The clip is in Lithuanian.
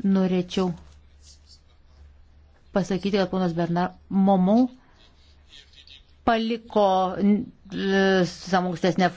Norėčiau pasakyti, kad ponas Bernard Momo paliko savo ankstesnę